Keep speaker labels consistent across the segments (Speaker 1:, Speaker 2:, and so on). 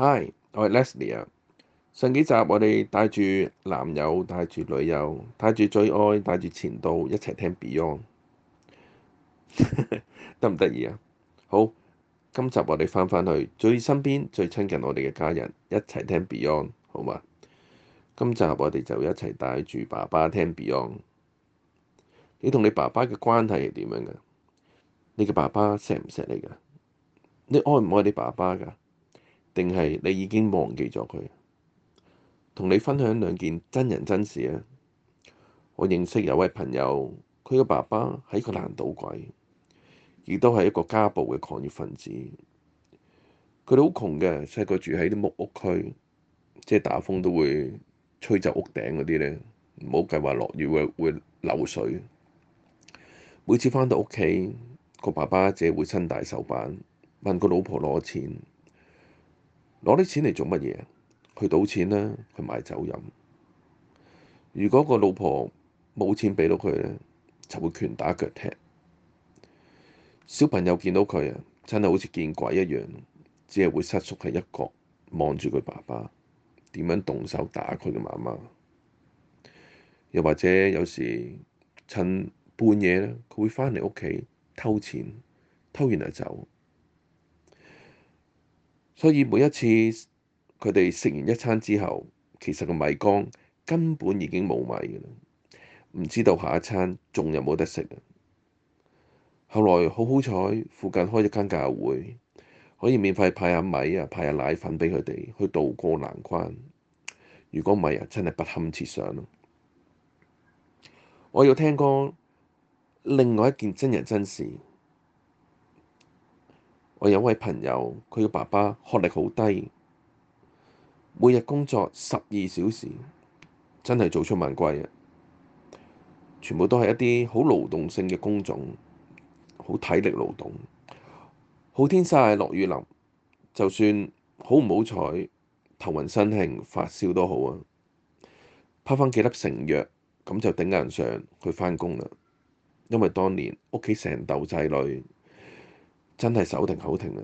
Speaker 1: Hi，我係 Leslie 啊。上幾集我哋帶住男友、帶住女友、帶住最愛、帶住前度一齊聽 Beyond， 得唔得意啊？好，今集我哋翻返去最身邊、最親近我哋嘅家人一齊聽 Beyond，好嘛？今集我哋就一齊帶住爸爸聽 Beyond。你同你爸爸嘅關係係點樣噶？你嘅爸爸錫唔錫你噶？你愛唔愛你爸爸噶？定係你已經忘記咗佢。同你分享兩件真人真事啊！我認識有位朋友，佢嘅爸爸係個爛賭鬼，亦都係一個家暴嘅狂熱分子。佢哋好窮嘅，細個住喺啲木屋區，即係打風都會吹走屋頂嗰啲咧，唔好計話落雨會會漏水。每次返到屋企，個爸爸姐會伸大手板，問個老婆攞錢。攞啲錢嚟做乜嘢？去賭錢啦，去買酒飲。如果個老婆冇錢畀到佢咧，就會拳打腳踢。小朋友見到佢啊，真係好似見鬼一樣，只係會瑟縮喺一角望住佢爸爸點樣動手打佢嘅媽媽。又或者有時趁半夜咧，佢會返嚟屋企偷錢，偷完就走。所以每一次佢哋食完一餐之後，其實個米缸根本已經冇米嘅啦，唔知道下一餐仲有冇得食啊！後來好好彩，附近開咗間教會，可以免費派下米啊、派下奶粉畀佢哋去渡過難關。如果唔係啊，真係不堪設想咯！我要聽歌，另外一件真人真事。我有位朋友，佢嘅爸爸學歷好低，每日工作十二小時，真係早出晚歸。全部都係一啲好勞動性嘅工種，好體力勞動，好天曬落雨淋，就算好唔好彩，頭暈身興，發燒都好啊，拍返幾粒成藥咁就頂硬上去返工喇，因為當年屋企成竇仔女。真係手停口停啊！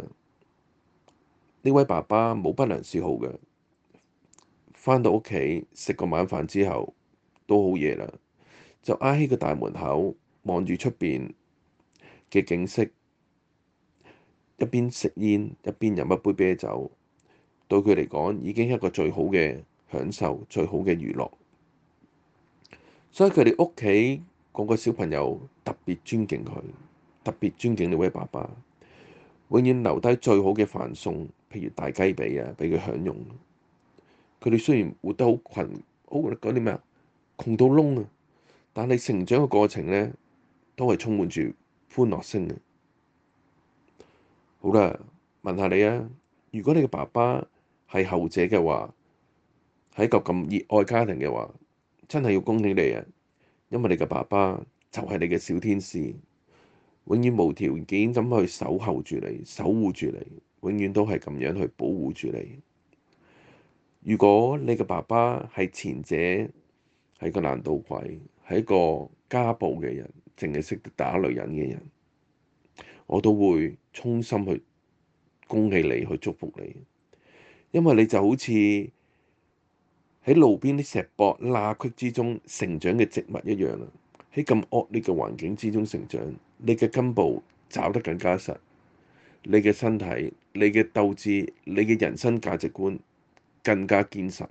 Speaker 1: 呢位爸爸冇不良嗜好嘅，返到屋企食個晚飯之後都好夜啦，就挨喺個大門口望住出邊嘅景色，一邊食煙一邊飲一杯啤酒，對佢嚟講已經係一個最好嘅享受、最好嘅娛樂。所以佢哋屋企個個小朋友特別尊敬佢，特別尊敬呢位爸爸。永遠留低最好嘅飯餸，譬如大雞髀啊，畀佢享用。佢哋雖然活得好窮，好嗰啲咩啊，窮到窿啊，但係成長嘅過程咧，都係充滿住歡樂聲嘅。好啦，問下你啊，如果你嘅爸爸係後者嘅話，喺一個咁熱愛家庭嘅話，真係要恭喜你啊，因為你嘅爸爸就係你嘅小天使。永遠無條件，噉去守候住你、守護住你，永遠都係咁樣去保護住你。如果你嘅爸爸係前者，係個難道鬼，係一個家暴嘅人，淨係識打女人嘅人，我都會衷心去恭喜你、去祝福你，因為你就好似喺路邊啲石壆、罅隙之中成長嘅植物一樣，喺咁惡劣嘅環境之中成長。你嘅根部找得更加實，你嘅身體、你嘅鬥志、你嘅人生價值觀更加堅實，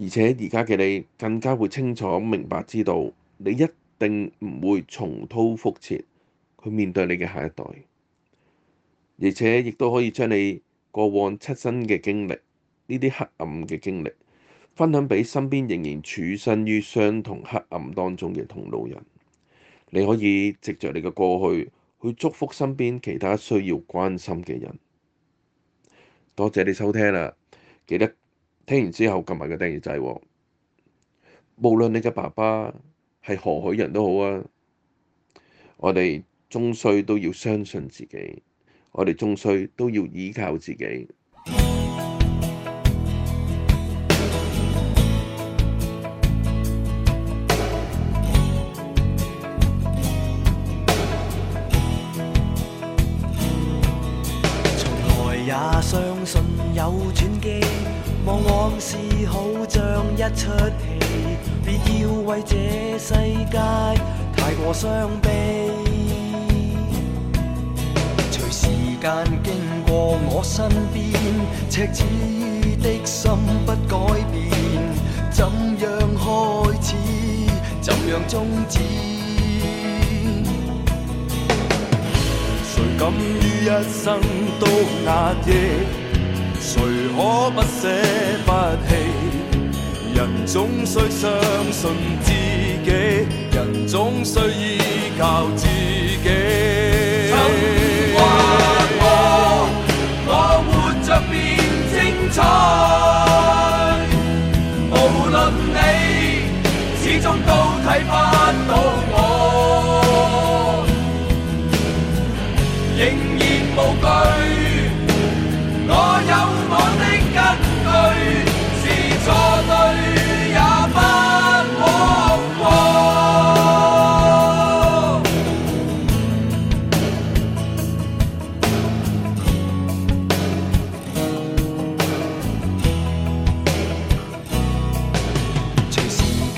Speaker 1: 而且而家嘅你更加會清楚明白，知道你一定唔會重蹈覆轍去面對你嘅下一代，而且亦都可以將你過往出身嘅經歷，呢啲黑暗嘅經歷，分享俾身邊仍然處身於相同黑暗當中嘅同路人。你可以藉着你嘅過去去祝福身邊其他需要關心嘅人。多謝你收聽啦，記得聽完之後撳埋個訂閱掣哦。無論你嘅爸爸係何許人都好啊，我哋終須都要相信自己，我哋終須都要依靠自己。
Speaker 2: 有轉機，往往事好像一出戲，別要為這世界太過傷悲。 隨時間經過我身邊，赤子的心不改變。怎樣開始，怎樣終止？ 誰敢於一生都壓抑？誰可不捨不棄？人總需相信自己，人總需依靠自己。